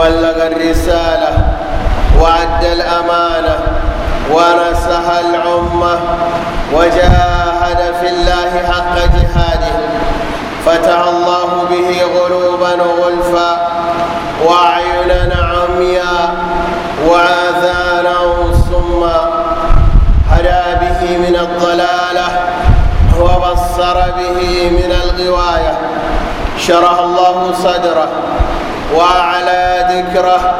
بلغ الرسالة وعد الأمانة ونصح العمة وجاهد في الله حق جهاده فتح الله به غلوبا غلفا وعينا عميا وآذانا صما هدى به من الضلالة وبصر به من الغواية شرح الله صدره وأعلى ذكره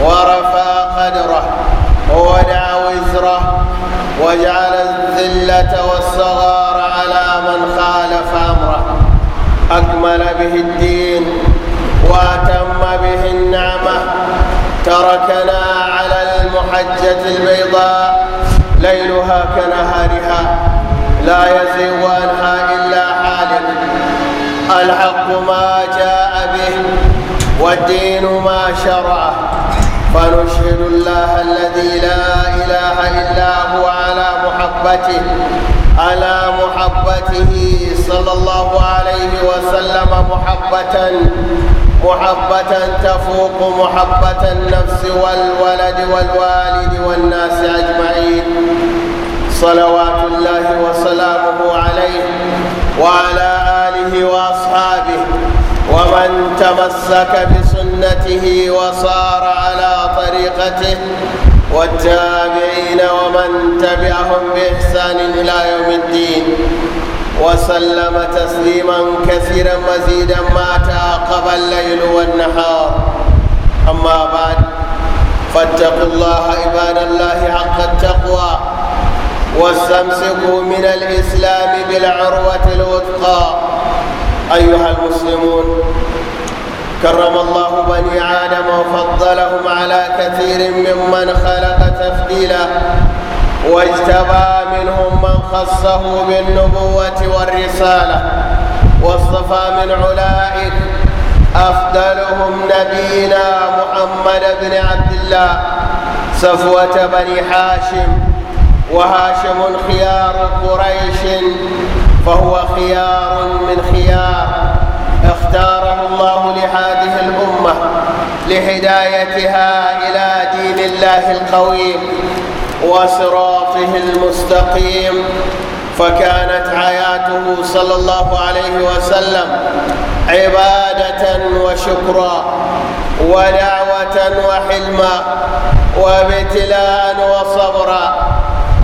ورفع قدره وودع وزره وجعل الذلة والصغار على من خالف أمره أكمل به الدين وأتم به النعمة تركنا على المحجة البيضاء ليلها كنهارها لا يزيغ عنها إلا حالك الحق ما جاء والدين ما شرعه فنشهد الله الذي لا إله إلا هو على محبته على محبته صلى الله عليه وسلم محبة محبة تفوق محبة النفس والولد والوالد والناس أجمعين صلوات الله وسلامه عليه وعلى آله وأصحابه ومن تمسك بسنته وصار على طريقته والتابعين ومن تبعهم بإحسان إلى يوم الدين وسلم تسليما كثيرا مزيدا ما تعاقب الليل والنهار أما بعد فاتقوا الله عباد الله حق التقوى واستمسكوا من الإسلام بالعروة الوثقى أيها المسلمون كرم الله بني آدم وفضلهم على كثير ممن خلق تفضيلا واجتبى منهم من خصه بالنبوة والرسالة واصطفى من أولئك أفضلهم نبينا محمد بن عبد الله صفوة بني حاشم وهاشم خيار قريش فهو خيار من خيار اختاره الله لهذه الأمة لهدايتها إلى دين الله القويم وصراطه المستقيم فكانت حياته صلى الله عليه وسلم عبادة وشكرا ودعوة وحلما وابتلاء وصبرا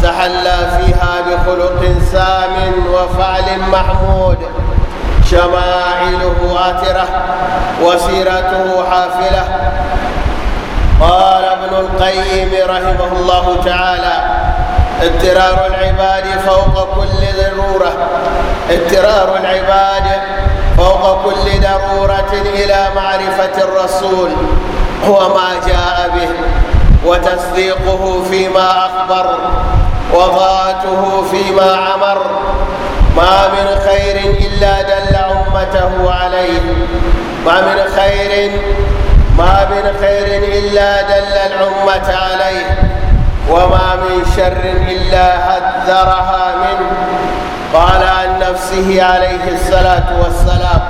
تحلى فيها بخلق سام وفعل محمود شمائله آترة وسيرته حافلة قال ابن القيم رحمه الله تعالى اضطرار العباد فوق كل ضرورة اضطرار العباد فوق كل ضرورة إلى معرفة الرسول وما جاء به وتصديقه فيما أخبر وطاعته فيما عمر ما من خير إلا دل أمته عليه ما من خير ما من خير إلا دل الأمة عليه وما من شر إلا حذرها منه قال عن نفسه عليه الصلاة والسلام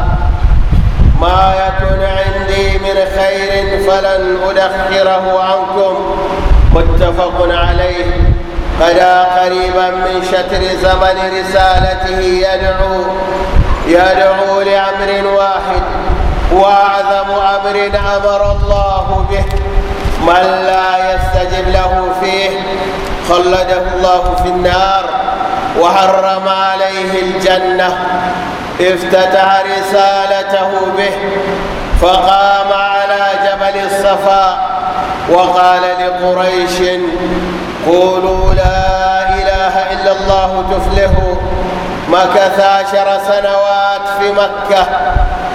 ما يكن عندي من خير فلن أدخره عنكم متفق عليه بدا قريبا من شتر زمن رسالته يدعو يدعو لأمر واحد وأعظم أمر أمر الله به من لا يستجب له فيه خلده الله في النار وحرم عليه الجنة افتتح رسالته به فقام على جبل الصفا وقال لقريش قولوا لا إله إلا الله تفلحوا مكث عشر سنوات في مكة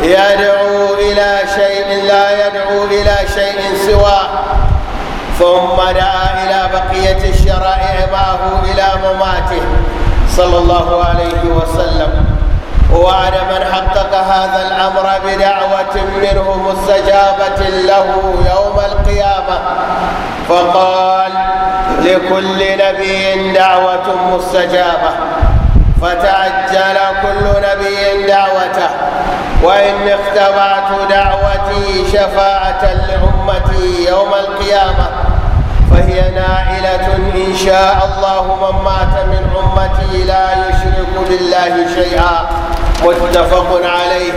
يدعو إلى شيء لا يدعو إلى شيء سواه ثم دعا إلى بقية الشرائع معه إلى مماته صلى الله عليه وسلم واعلم من حقق هذا الامر بدعوه منه مستجابه له يوم القيامه فقال لكل نبي دعوه مستجابه فتعجل كل نبي دعوته وان اختبعت دعوتي شفاعه لامتي يوم القيامه فهي نائلة إن شاء الله من مات من أمتي لا يشرك بالله شيئا متفق عليه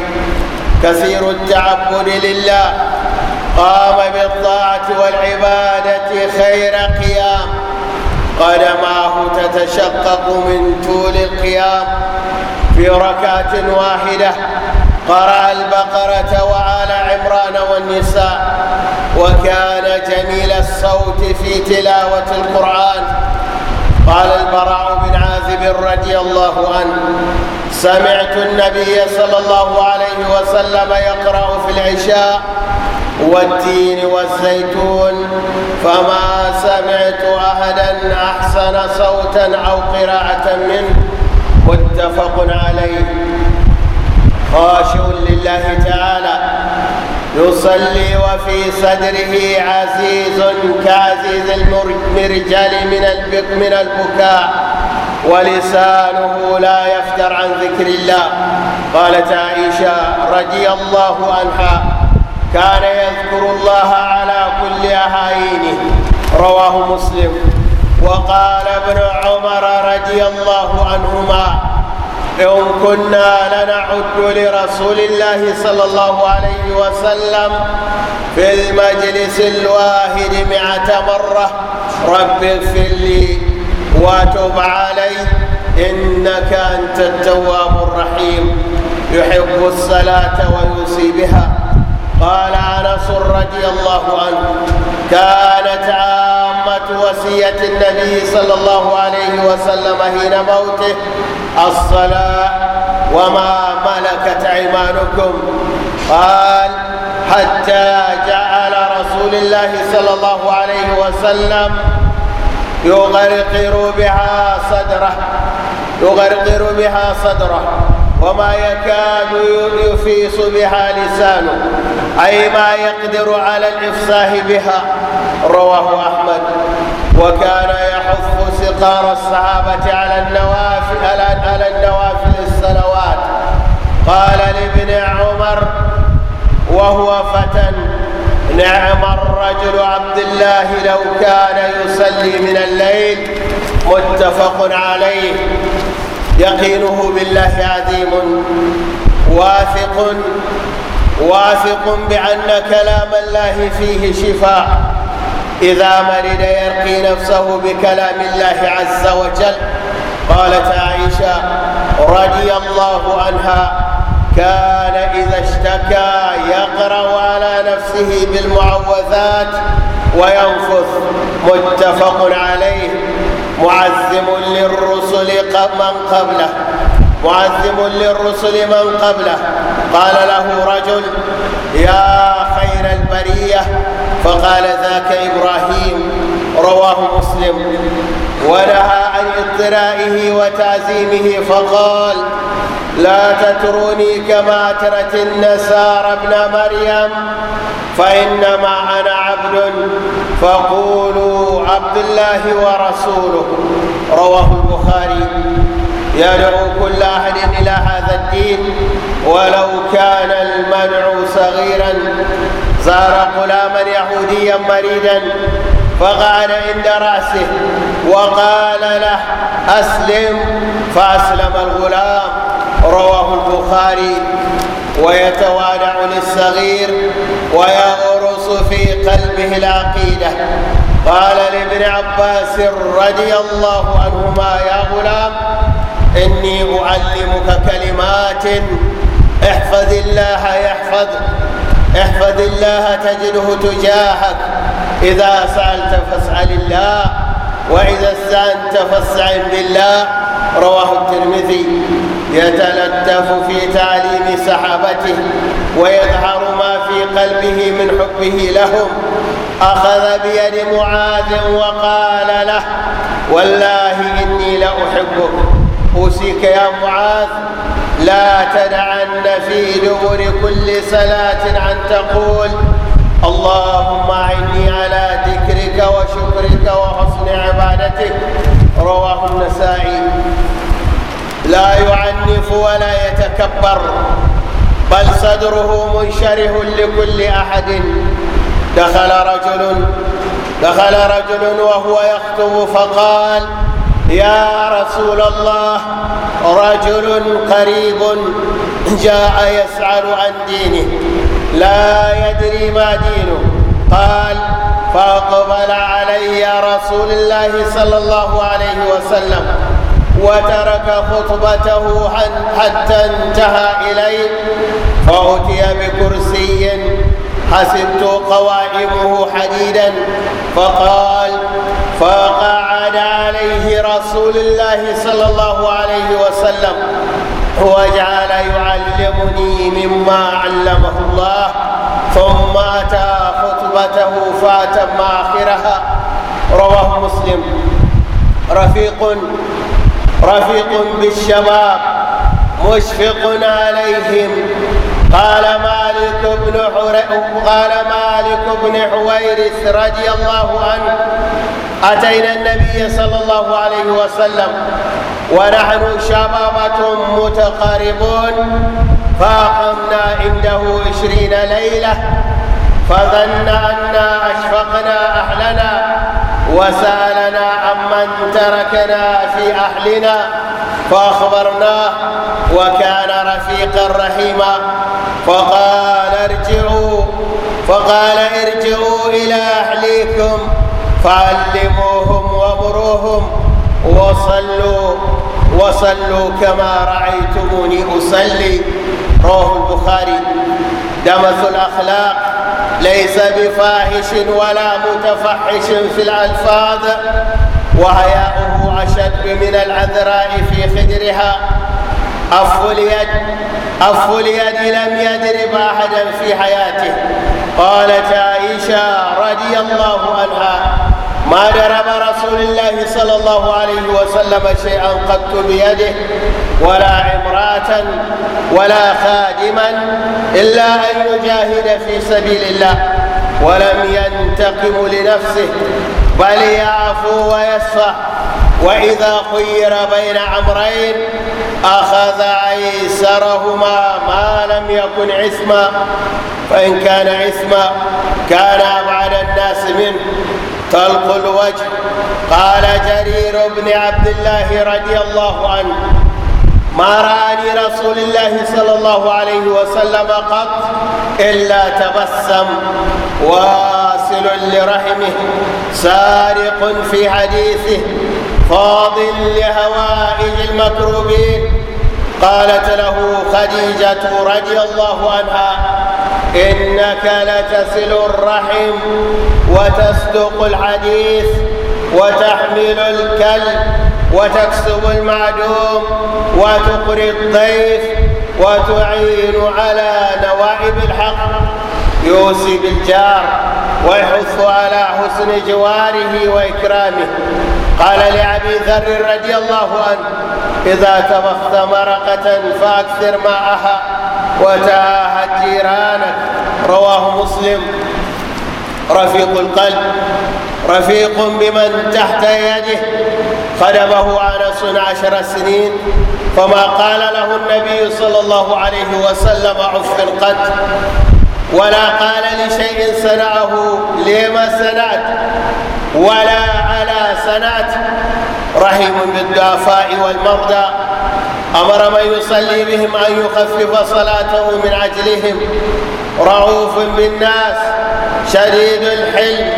كثير التعبد لله قام بالطاعة والعبادة خير قيام قدماه تتشقق من طول القيام في ركعة واحدة قرأ البقرة وآل عمران والنساء وكان جميل الصوت في تلاوة القرآن طالب رضي الله عنه سمعت النبي صلى الله عليه وسلم يقرأ في العشاء والتين والزيتون فما سمعت أحدا أحسن صوتا أو قراءة منه متفق عليه خاشع لله تعالى يصلي وفي صدره عزيز كعزيز المرجل من البكاء ولسانه لا يفتر عن ذكر الله قالت عائشة رضي الله عنها كان يذكر الله على كل أهاينه رواه مسلم وقال ابن عمر رضي الله عنهما لو كنا لنعد لرسول الله صلى الله عليه وسلم في المجلس الواحد مئة مرة رب اغفر لي وتوب علي إنك أنت التواب الرحيم يحب الصلاة ويوصي بها قال أنس رضي الله عنه كانت عامة وصية النبي صلى الله عليه وسلم حين موته الصلاة وما ملكت أيمانكم قال حتى جعل رسول الله صلى الله عليه وسلم يغرقر بها صدره يغرقر بها صدره وما يكاد يفيص بها لسانه أي ما يقدر على الإفصاح بها رواه أحمد وكان يحث سقار الصحابة على النوافل على النوافل الصلوات قال لابن عمر وهو فتى نعم الرجل عبد الله لو كان يصلي من الليل متفق عليه يقينه بالله عظيم واثق واثق بأن كلام الله فيه شفاء إذا مرض يرقي نفسه بكلام الله عز وجل قالت عائشة رضي الله عنها كان إذا اشتكى يقرأ على نفسه بالمعوذات وينفث متفق عليه معزم للرسل من قبله معزم للرسل من قبله قال له رجل يا خير البرية فقال ذاك إبراهيم رواه مسلم ونهى عن اضطرائه وتعزيمه فقال لا تتروني كما ترت النسار ابن مريم فإنما أنا عبد فقولوا عبد الله ورسوله رواه البخاري يدعو كل أحد إلى هذا الدين ولو كان المنع صغيرا زار غلاما يهوديا مريدا فقعد عند رأسه وقال له أسلم فأسلم الغلام رواه البخاري ويتوالع للصغير ويغرس في قلبه العقيدة قال لابن عباس رضي الله عنهما يا غلام إني أعلمك كلمات احفظ الله يحفظك احفظ الله تجده تجاهك إذا سألت فاسأل الله وإذا استعنت فاستعن بالله رواه الترمذي يتلتف في تعليم صحابته ويظهر ما في قلبه من حبه لهم أخذ بيد معاذ وقال له والله إني لأحبك أوصيك يا معاذ لا تدعن في دبر كل صلاة أن تقول اللهم أعني على ذكرك وشكرك وحسن عبادتك رواه النسائي لا يعنف ولا يتكبر بل صدره منشره لكل أحد دخل رجل دخل رجل وهو يخطب فقال يا رسول الله رجل قريب جاء يسأل عن دينه لا يدري ما دينه قال فأقبل علي رسول الله صلى الله عليه وسلم وترك خطبته حتى انتهى إليه فأتي بكرسي حسبت قوائمه حديدا فقال فقعد عليه رسول الله صلى الله عليه وسلم وجعل يعلمني مما علمه الله ثم أتى خطبته فأتم آخرها رواه مسلم رفيق رفيق بالشباب مشفق عليهم قال مالك بن قال مالك بن حويرث رضي الله عنه أتينا النبي صلى الله عليه وسلم ونحن شبابة متقاربون فأقمنا عنده عشرين ليلة فظن أنا أشفقنا أهلنا وسالنا عمن تركنا في اهلنا فاخبرناه وكان رفيقا رحيما فقال ارجعوا فقال ارجعوا الى اهليكم فعلموهم وامروهم وصلوا وصلوا كما رايتموني اصلي رواه البخاري دمث الاخلاق ليس بفاحش ولا متفحش في الألفاظ وهياؤه أشد من العذراء في خدرها أف اليد أف اليد لم يدرب أحدا في حياته قالت عائشة رضي الله عنها ما ضرب رسول الله صلى الله عليه وسلم شيئا قط بيده ولا امراه ولا خادما الا ان يجاهد في سبيل الله ولم ينتقم لنفسه بل يعفو ويصفح واذا خير بين امرين اخذ ايسرهما ما لم يكن عثما فان كان عثما كان ابعد الناس منه طلق الوجه قال جرير بن عبد الله رضي الله عنه ما راني رسول الله صلى الله عليه وسلم قط إلا تبسم واصل لرحمه سارق في حديثه فاض لهوائج المكروبين قالت له خديجة رضي الله عنها إنك لتصل الرحم وتصدق الحديث وتحمل الكلب وتكسب المعدوم وتقري الضيف وتعين على نوائب الحق يوصي بالجار ويحث على حسن جواره وإكرامه قال لأبي ذر رضي الله عنه إذا تبخت مرقة فأكثر ماءها وتاهت جيرانها رواه مسلم رفيق القلب رفيق بمن تحت يده خدمه انس عشر سنين فما قال له النبي صلى الله عليه وسلم عف قد ولا قال لشيء صنعه لما صنعت ولا على صنعت رحيم بالضعفاء والمرضى امر من يصلي بهم ان يخفف صلاته من اجلهم رؤوف بالناس شديد الحلم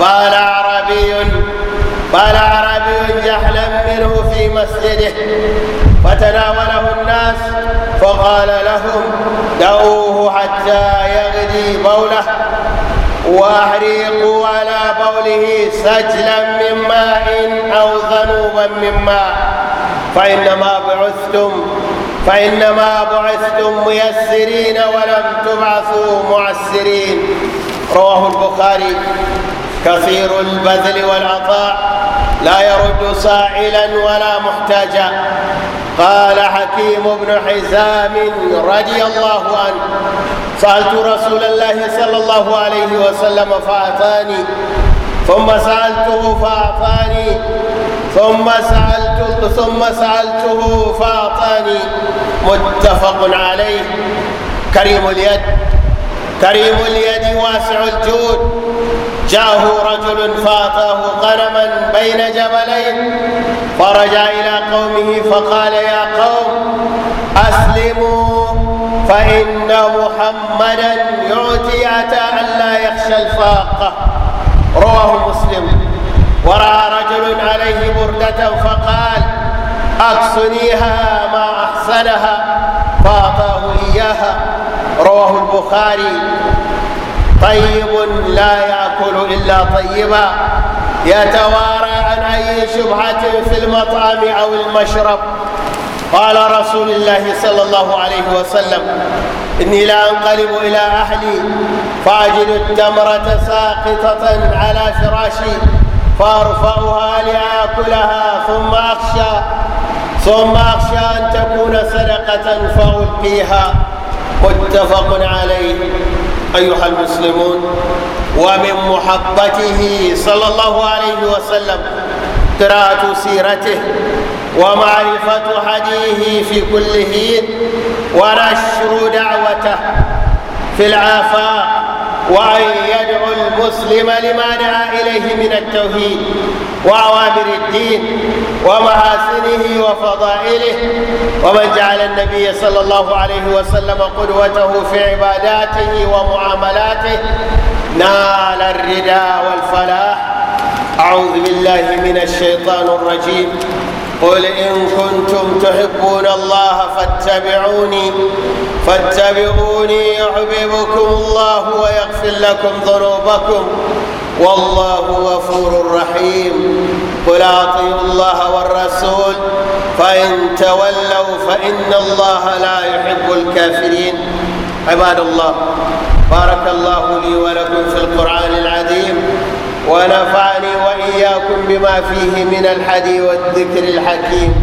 قال عربي قال عربي جهلا منه في مسجده فتناوله الناس فقال لهم دعوه حتى يغدي بوله واحرقوا على بوله سجلا من ماء او ذنوبا من ماء فانما بعثتم فإنما بعثتم ميسرين ولم تبعثوا معسرين رواه البخاري كثير البذل والعطاء لا يرد سائلا ولا محتاجا قال حكيم بن حزام رضي الله عنه سألت رسول الله صلى الله عليه وسلم فأعطاني ثم سألته فأعطاني ثم سألت ثم سألته فأعطاني متفق عليه كريم اليد كريم اليد واسع الجود جاءه رجل فأعطاه غنما بين جبلين فرجع إلى قومه فقال يا قوم أسلموا فإن محمدا يعطي أتى أن لا يخشى الفاقة رواه مسلم وراى رجل عليه بردة فقال أقصنيها ما أحسنها فأعطاه إياها رواه البخاري طيب لا يأكل إلا طيبا يتوارى عن أي شبهة في المطعم أو المشرب قال رسول الله صلى الله عليه وسلم إني لأنقلب أنقلب إلى أهلي فأجد التمرة ساقطة على فراشي فارفعها لاكلها ثم اخشى ثم اخشى ان تكون صدقه فالقيها متفق عليه ايها المسلمون ومن محبته صلى الله عليه وسلم قراءه سيرته ومعرفة حديثه في كل حين ونشر دعوته في العفاء وأن يدعو المسلم لما دعا إليه من التوحيد وأوامر الدين ومحاسنه وفضائله ومن جعل النبي صلى الله عليه وسلم قدوته في عباداته ومعاملاته نال الرداء والفلاح أعوذ بالله من الشيطان الرجيم قل إن كنتم تحبون الله فاتبعوني فاتبعوني يحببكم الله ويغفر لكم ذنوبكم والله غفور رحيم قل أطيعوا الله والرسول فإن تولوا فإن الله لا يحب الكافرين عباد الله بارك الله لي ولكم في القرآن العظيم ونفعني وإياكم بما فيه من الحدي والذكر الحكيم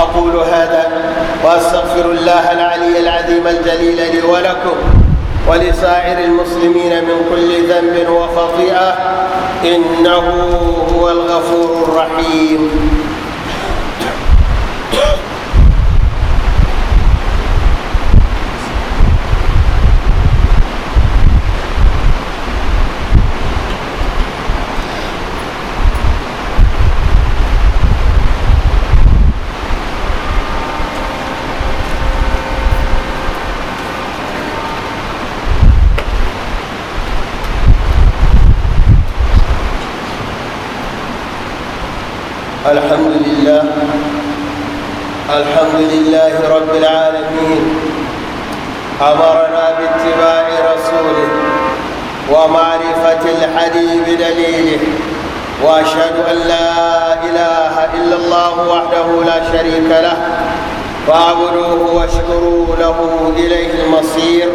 أقول هذا وأستغفر الله العلي العظيم الجليل لي ولكم ولسائر المسلمين من كل ذنب وخطيئة إنه هو الغفور الرحيم الحمد لله الحمد لله رب العالمين أمرنا باتباع رسوله ومعرفة الحدي بدليله وأشهد أن لا إله إلا الله وحده لا شريك له فاعبدوه واشكروا له إليه المصير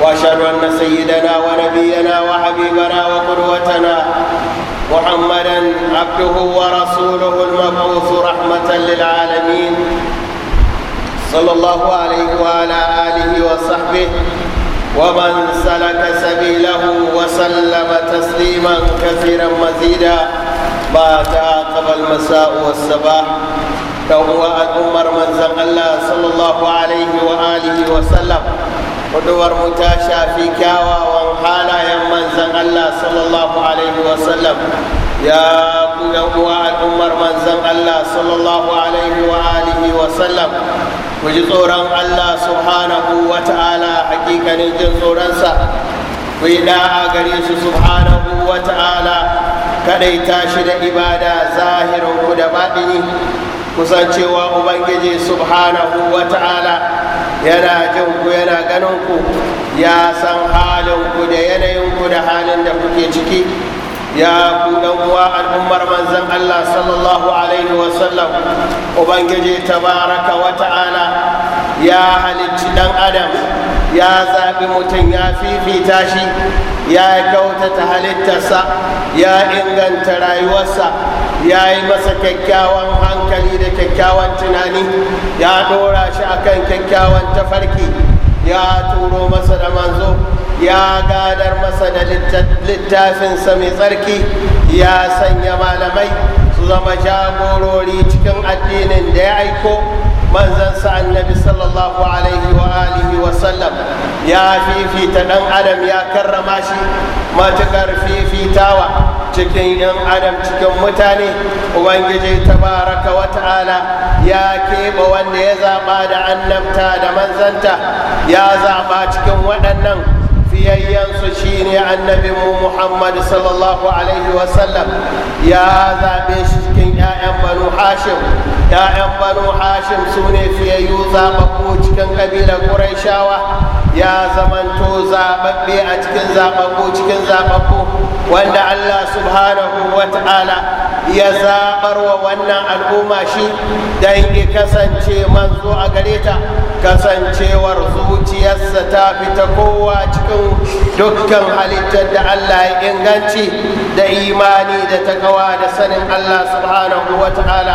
وأشهد أن سيدنا ونبينا وحبيبنا وقدوتنا محمدا عبده ورسوله المبعوث رحمة للعالمين صلى الله عليه وعلى آله وصحبه ومن سلك سبيله وسلم تسليما كثيرا مزيدا ما تعاقب المساء والصباح فهو أكبر من زق الله صلى الله عليه وآله وسلم huduwar mu ta shafi kyawawan halayen manzan Allah sallallahu alaihi wasallam ya ku yan uwa al'ummar manzan Allah sallallahu alaihi wa alihi wasallam ku ji tsoron Allah subhanahu wa ta'ala hakikanin jin tsoronsa ku yi da'a gare su subhanahu wa ta'ala kadaita tashi da ibada zahirin ku da baɗini kusancewa ubangiji subhanahu wa ta'ala yana jin ku yana ganin ku ya san halin ku da yanayin ku da halin da kuke ciki ya ku uwa al'ummar manzan Allah sallallahu alaihi ubangiji tabaraka wa ta'ala ya halicci dan adam ya zaɓi mutum ya fifita shi ya kyautata halittarsa ya inganta rayuwarsa ya yi masa kyakkyawan hankali da kyakkyawan tunani ya ɗora shi akan kyakkyawan tafarki يا تورو مسد مانزو يا قادر مسد للتافن سمي زركي يا سنيا مالمي زما جابورو لي تكن الدين دايكو من زن النبي صلى الله عليه وآله وسلم يا في في تدن عدم يا كرماشي ما تقر في في تاوى cikin yan adam cikin mutane ubangiji tabaraka wa ta'ala ya keɓe wanda ya zaɓa da annabta da manzanta ya zaɓa cikin waɗannan في ينص شيني عن نبي محمد صلى الله عليه وسلم يا ذا بشك يا أم بنو حاشم يا أم بنو حاشم سوني في يوزا بقوش كن قبيلة قريشاوة يا زمن توزا ببي كن زا بقوش كن زا بقو وأن الله سبحانه وتعالى يا zaɓar وأن wannan al'umma shi don ki kasance kasancewar zuciyarsa ta fita kowa cikin dukkan halittar da Allah ya inganci da imani da takawa da sanin Allah subhanahu wa ta'ala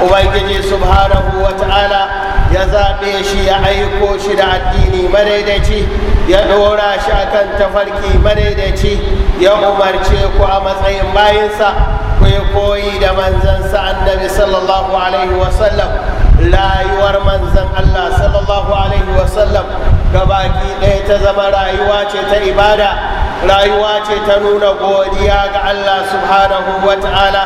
ubangiji subhanahu wa ta'ala ya zaɓe shi ya aiko shi da addini madaidaici ya ɗora shi akan tafarki madaidaici ya umarce ku a matsayin bayinsa ku yi koyi da manzansa annabi sallallahu alaihi wasallam لا يوار من زن الله صلى الله عليه وسلم كباكي ديت زمرا يواجه تعبادة لا يواجه تنون قودياك الله سبحانه وتعالى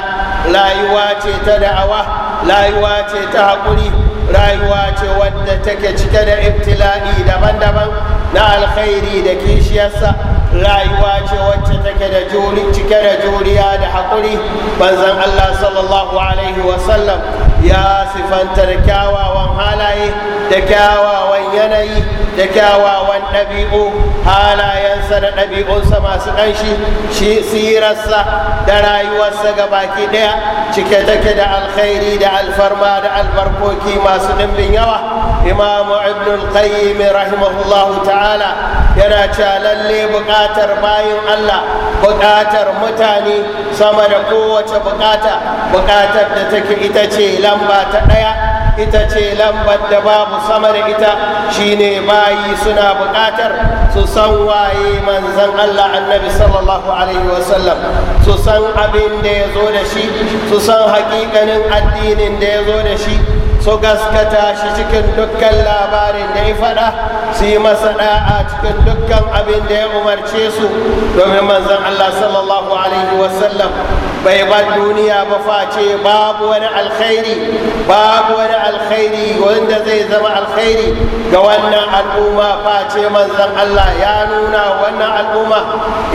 لا يواجه تدعوة لا يواجه تهقلي لا يواجه ودتك جتن ابتلائي دمان دمان نا الخيري دكيش يسا لا يواجه وجهتك دجولي تكر جولي هذا حقلي بنزم الله صلى الله عليه وسلم ya sifantar kyawawan halaye da kyawawan yanayi da kyawawan ɗabi'u halayensa da ɗabi'unsa masu ƙanshi shi sirarsa da rayuwarsa ga baki ɗaya cike take da alkhairi da alfarma da albarkoki masu ɗimbin yawa imamu ibn al-qayyim rahimahullahu ta'ala yana cewa lalle buƙatar bayin allah buƙatar mutane sama da kowace buƙata buƙatar da take ita ce lamba ta ɗaya ita ce lambar da babu sama da ita shine bayi suna buƙatar su san waye manzan Allah annabi sallallahu alaihi wasallam su san abin da ya zo da shi su san hakikanin addinin da ya zo da shi su gaskata shi cikin dukkan labarin da ya faɗa su yi masa da'a cikin dukkan abin da ya umarce su domin manzan Allah sallallahu alaihi wasallam bai bar duniya ba face babu wani alkhairi babu wani alkhairi wanda zai zama alkhairi ga wannan al'umma face manzan Allah ya nuna wannan al'umma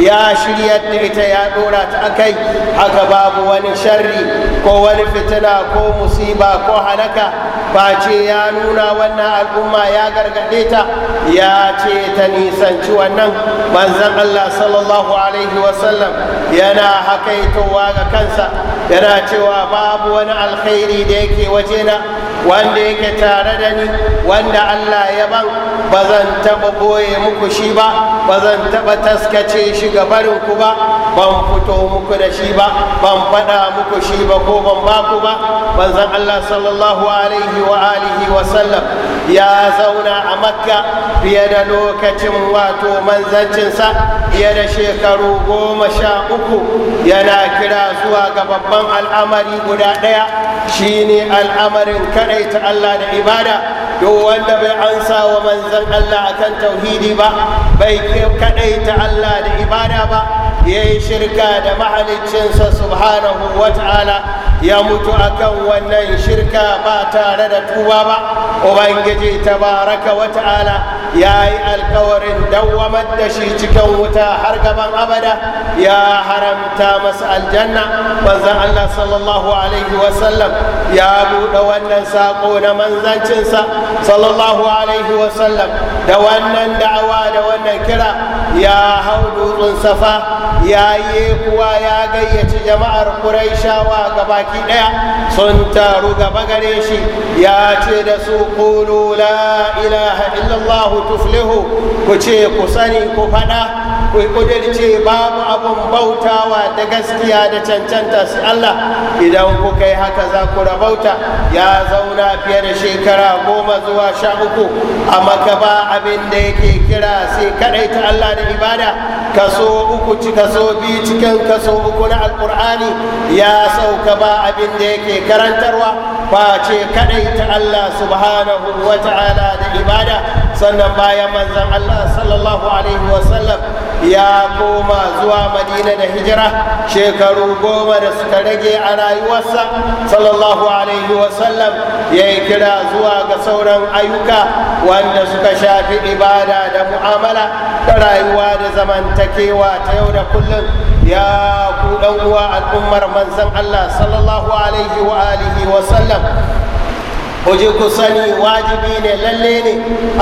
ya shirya da ita ya dora ta akai haka babu wani sharri ko wani fitina ko musiba ko halaka face ya nuna wannan al'umma ya gargaɗe ta ya ce ta nisanci wannan manzan Allah sallallahu alaihi wasallam yana hakaitowa ga kansa yana cewa babu wani alkhairi da yake wajena wanda yake tare da ni wanda Allah ya ban ba zan boye muku shi ba ba zan taɓa taskace shi ga barinku ba ban fito muku da shi ba ban faɗa muku shi ba ko ban ba ku ba banzan Allah sallallahu alaihi wa alihi wa sallam ya zauna a makka fiye da lokacin wato manzancinsa fiye da shekaru goma sha uku yana kira zuwa ga babban al'amari guda ɗaya shine al'amarin kaɗai kaɗaita Allah da ibada duk wanda bai ansa wa manzan Allah akan tauhidi ba bai kaɗaita Allah da ibada ba yayi shirka da sa subhanahu wataala ya mutu akan wannan shirka ba tare da tuba ba ubangiji tabaraka wataala yayi alkawarin dawwamar da shi cikin wuta har gaban abada ya haramta masa aljanna manzon allah sallallahu alaihi wasallam ya buɗe wannan sako na manzancin sa sallallahu alaihi wasallam da wannan da'awa da wannan kira ya hau dutsen safa ya yi kuwa ya gayyaci jama'ar ƙuraishawa gabaki ɗaya sun taru gaba gare shi ya ce da su ƙulu la ilaha illallah tuflihu ku ce ku sani ku faɗa ku kudirce babu abun bautawa da gaskiya da cancanta sai Allah idan ku kai haka za ku rabauta ya zauna fiye da shekara goma zuwa sha uku a makaba abin da yake kira sai kadai ta Allah da ibada kaso uku ci kaso biyu cikin kaso uku na alkur'ani ya sauka ba abin da yake karantarwa face kadai ta Allah subhanahu wa ta'ala da ibada sannan bayan manzan Allah sallallahu alaihi wasallam ya koma zuwa madina da hijira shekaru goma da suka rage a rayuwarsa sallallahu alaihi wasallam ya yi kira zuwa ga sauran ayyuka wanda suka shafi ibada da mu'amala da rayuwa da zamantakewa ta yau da kullum ya ku uwa al'ummar manzan Allah sallallahu alaihi wa wasallam kuje ku sani wajibi ne lalle ne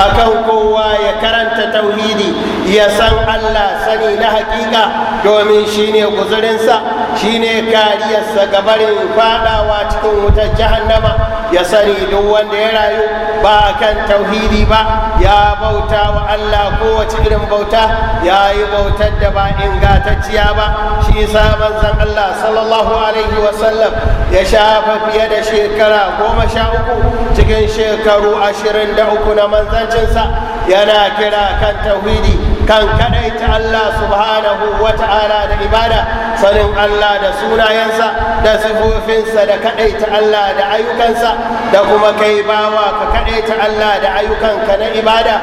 akan kowa ya karanta tauhidi ya san Allah sani na hakika domin shine guzurinsa shine kariyarsa gabarin fadawa cikin wutar jahannama ya sani duk wanda ya rayu ba kan tauhidi ba ya bauta wa Allah kowace irin bauta ya yi bautar da ba ingantacciya ba shi sa manzon Allah sallallahu alaihi wasallam ya shafa fiye da shekara goma sha uku cikin shekaru ashirin da uku na manzancinsa yana kira kan tauhidi kan kadaita Allah subhanahu wa ta'ala da ibada sanin Allah da sunayensa da sifofinsa da kadaita Allah da ayyukansa da kuma kai bawa ka kadaita Allah da ayyukanka na ibada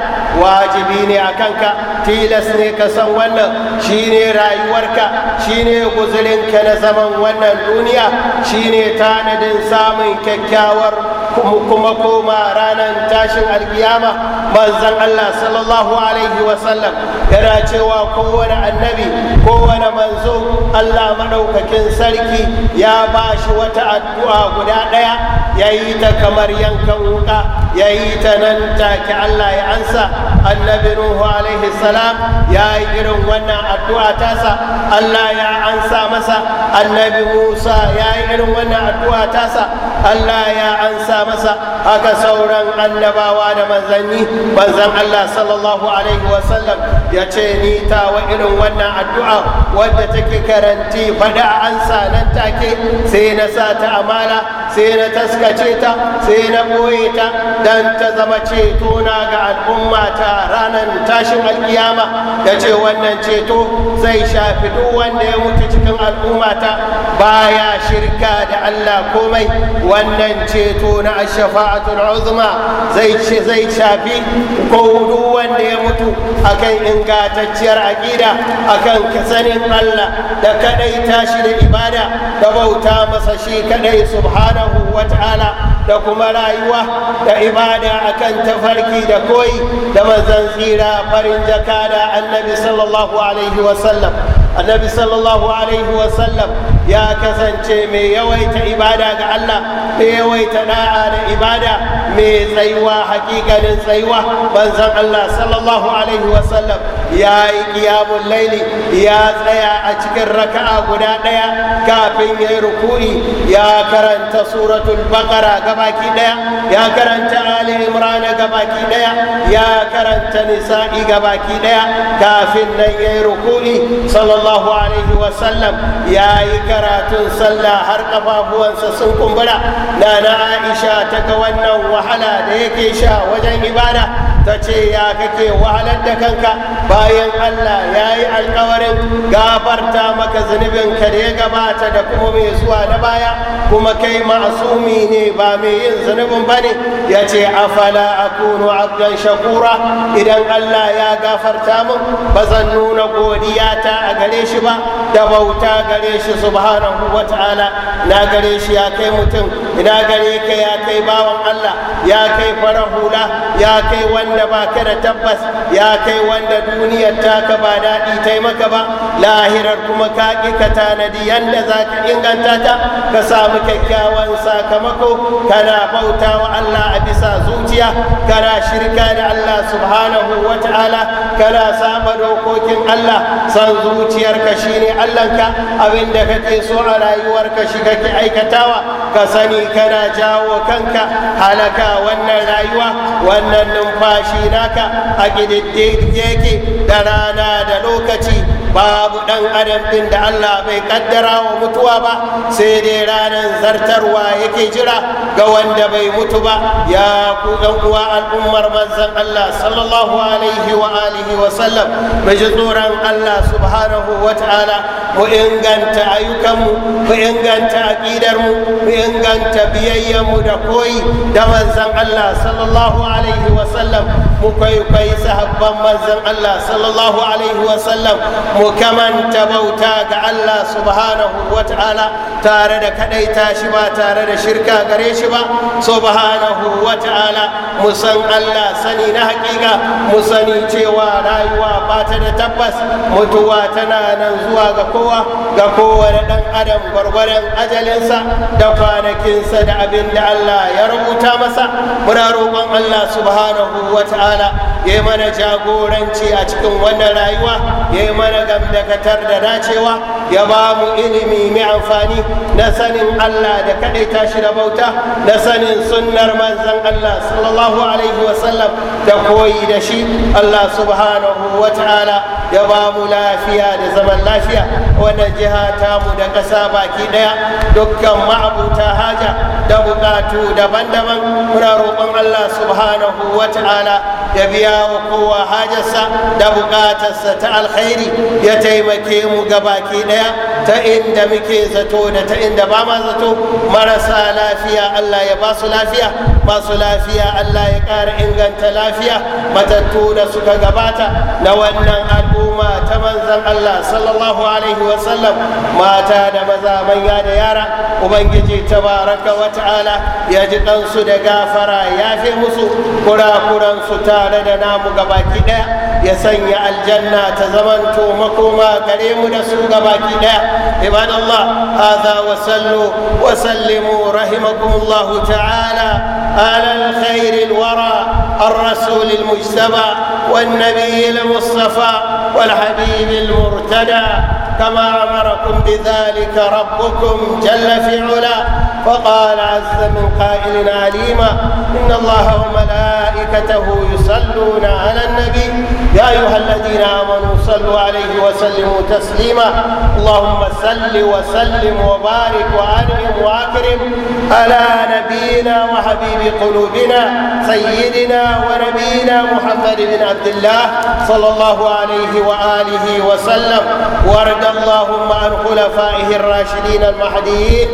wajibi ne a kanka tilas ne ka san wannan shine rayuwarka shine guzurinka na zaman wannan duniya shine tanadin samun kyakkyawar kuma koma ranar tashin alkiyama manzan Allah sallallahu alaihi wasallam yana cewa kowane annabi kowane manzo Allah maɗaukakin sarki ya ba shi wata addu'a guda ɗaya ya yi ta kamar yankan wuka ya yi ta nan take Allah ya ansa annabi Nuhu alaihi salam ya yi irin wannan addu'a tasa Allah ya ansa masa annabi Musa ya yi irin wannan addu'a tasa Allah ya ansa masa haka sauran annabawa da manzanni manzan Allah sallallahu alaihi wasallam ya ce ni ta wa irin wannan addu'a wadda take karanti faɗa ansa nan take sai na sa ta amana sai na taskace ta sai na ɓoye ta don ta zama ceto na ga al'umma ta ranar tashin alkiyama da ce wannan ceto zai shafi duk wanda ya mutu cikin al'umma ta baya shirka da allah komai wannan ceto na ashafa'atul uzma zai shafi ko duk wanda ya mutu akan ingantacciyar aƙida akan sanin allah da kaɗai tashi da ibada da bauta masa shi kaɗai subhana subhanahu wa ta'ala da kuma rayuwa da ibada akan tafarki da koyi da manzan tsira farin jaka da annabi sallallahu alaihi wasallam annabi sallallahu alaihi wasallam ya kasance mai yawaita ibada ga Allah mai yawaita da'a da ibada mai tsaiwa hakikanin tsaiwa banzan Allah sallallahu alaihi wasallam ya yi kiyamun laili ya tsaya a cikin raka'a guda ɗaya kafin ya yi rukuri ya karanta suratul baqara gabaki ɗaya ya karanta ali imran gabaki ɗaya ya karanta nisa'i gabaki ɗaya kafin nan ya yi rukuri sallallahu alaihi wasallam ya yi karatun sallah har kafafuwansa sun kumbura na na aisha ta ga wannan wahala da yake sha wajen ibada ta ce ya kake wahalar da kanka bayan allah ya yi alkawarin gafarta maka zunubin ka da ya gabata da kuma mai zuwa na baya kuma kai ma'asumi ne ba mai yin zunubin ba ne ya ce afala akunu abdan shakura idan allah ya gafarta min ba zan nuna godiyata a gare shi ba da bauta gare shi subhanahu wa ta'ala na gare shi ya kai mutum ina gare ka ya kai bawan allah ya kai farar hula ya kai wanda ba ka da tabbas ya kai wanda duniyar taka ba daɗi ta maka ba lahirar kuma ka ƙi ka tanadi yanda za ka inganta ta ka samu kyakkyawan sakamako kana bauta wa Allah a bisa zuciya kana shirka da Allah subhanahu wa ta'ala kana saba dokokin Allah san zuciyarka shine Allahnka abinda kake so a rayuwarka shi kake aikatawa ka sani kana jawo kanka halaka wannan rayuwa wannan numfashi naka a ƙididdige da rana da lokaci babu dan adam din da allah bai kaddara wa mutuwa ba sai dai ranar zartarwa yake jira ga wanda bai mutu ba ya ku dan uwa al'ummar manzon allah sallallahu alaihi wa alihi wa sallam bai ji tsoron allah subhanahu wa ta'ala mu inganta ayyukanmu mu inganta aƙidarmu mu inganta biyayyarmu da koyi da manzon allah sallallahu alaihi wa sallam mu kwaikwayi sahabban manzon allah sallallahu alaihi wa sallam mukaman ta bauta ga Allah subhanahu wa ta'ala tare da kadaita shi ba tare da shirka gare shi ba subhanahu wa ta'ala musan Allah sani na hakika mu sani cewa rayuwa ba ta da tabbas mutuwa tana nan zuwa ga kowa ga kowane dan adam gwargwaron ajalinsa da kwanakinsa da abin da Allah ya rubuta masa muna roƙon Allah subhanahu wa ta'ala ya mana jagoranci a cikin wannan rayuwa ya mana dakatar da dacewa ya ba mu ilimi mai amfani na sanin Allah da kaɗaita shi da bauta na sanin sunnar manzan Allah sallallahu alaihi wasallam da koyi da shi Allah subhanahu wa ta'ala ya ba mu lafiya da zaman lafiya wannan jiha mu da ƙasa baki ɗaya dukkan ma'abuta haja da buƙatu daban-daban muna roƙon Allah subhanahu wa ta'ala ya biya wa kowa hajarsa da buƙatarsa ta alkhairi ya taimake mu gabaki daya ta inda muke zato da ta inda ba ma zato marasa lafiya Allah ya ba su lafiya ba su lafiya Allah ya ƙara inganta lafiya matattu da suka gabata na wannan al'umma ta manzan Allah sallallahu alaihi mata da maza manya da yara ubangiji tabaraka wa ta'ala ya ji ɗansu da gafara ya fi musu kurakuransu tare da namu gabaki ɗaya ya sanya aljanna ta zamanto koma كريم mu da su الله هذا وسلوا وسلموا رحمكم الله تعالى على الخير الورى الرسول المجتبى والنبي المصطفى والحبيب المرتدى كما امركم بذلك ربكم جل في علا فقال عز من قائل عليما إن الله وملائكته يصلون على النبي يا أيها الذين آمنوا صلوا عليه وسلموا تسليما اللهم صل وسلم وبارك وأنعم وأكرم على نبينا وحبيب قلوبنا سيدنا ونبينا محمد بن عبد الله صلى الله عليه وآله وسلم وارض اللهم عن خلفائه الراشدين المهديين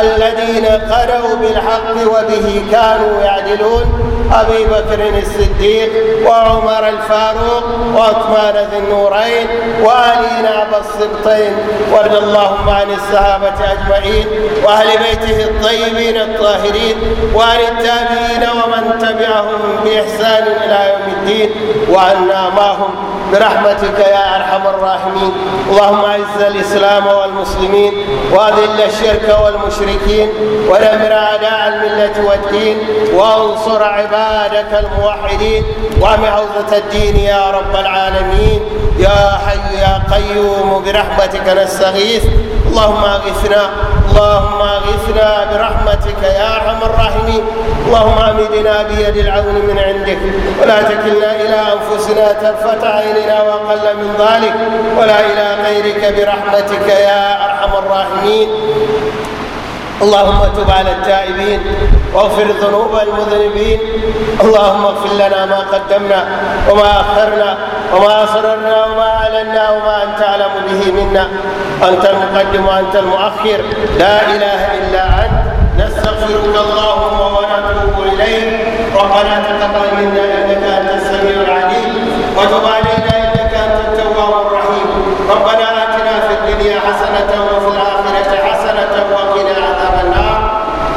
الذي الذين قروا بالحق وبه كانوا يعدلون أبي بكر الصديق وعمر الفاروق وعثمان ذي النورين وعلي نعب الصبطين وارض اللهم عن الصحابة أجمعين وأهل بيته الطيبين الطاهرين وعن التابعين ومن تبعهم بإحسان إلى يوم الدين وعنا معهم برحمتك يا أرحم الراحمين اللهم أعز الإسلام والمسلمين وأذل الشرك والمشركين ودمر أعداء الملة والدين وانصر عباد عبادك الموحدين ومعوذة الدين يا رب العالمين يا حي يا قيوم برحمتك نستغيث اللهم اغثنا اللهم اغثنا برحمتك يا ارحم الراحمين اللهم امدنا بيد العون من عندك ولا تكلنا الى انفسنا طرفه عيننا واقل من ذلك ولا الى غيرك برحمتك يا ارحم الراحمين اللهم تب على التائبين واغفر ذنوب المذنبين اللهم اغفر لنا ما قدمنا وما أخرنا وما أسررنا وما أعلنا وما أنت أعلم به منا أنت المقدم وأنت المؤخر لا إله إلا أنت نستغفرك اللهم ونتوب إليك ربنا تقبل منا إنك أنت السميع العليم وتب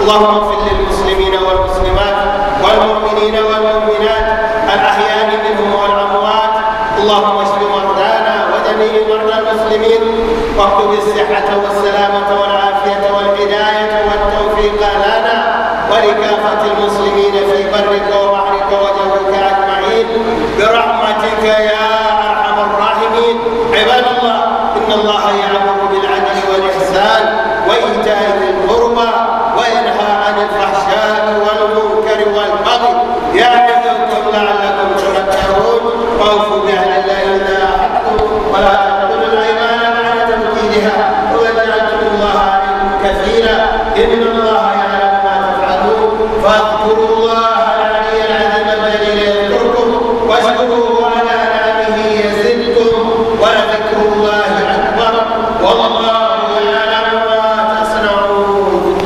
اللهم اغفر للمسلمين والمسلمات والمؤمنين والمؤمنات الأحياء منهم والأموات اللهم اشف مرضانا ودني مرضى المسلمين واكتب الصحة والسلامة والعافية والهداية والتوفيق لنا ولكافة المسلمين في برك وبحرك وجهك أجمعين برحمتك يا أرحم الراحمين عباد الله إن الله يأمر بالعدل والإحسان وإيتاء ذي القربى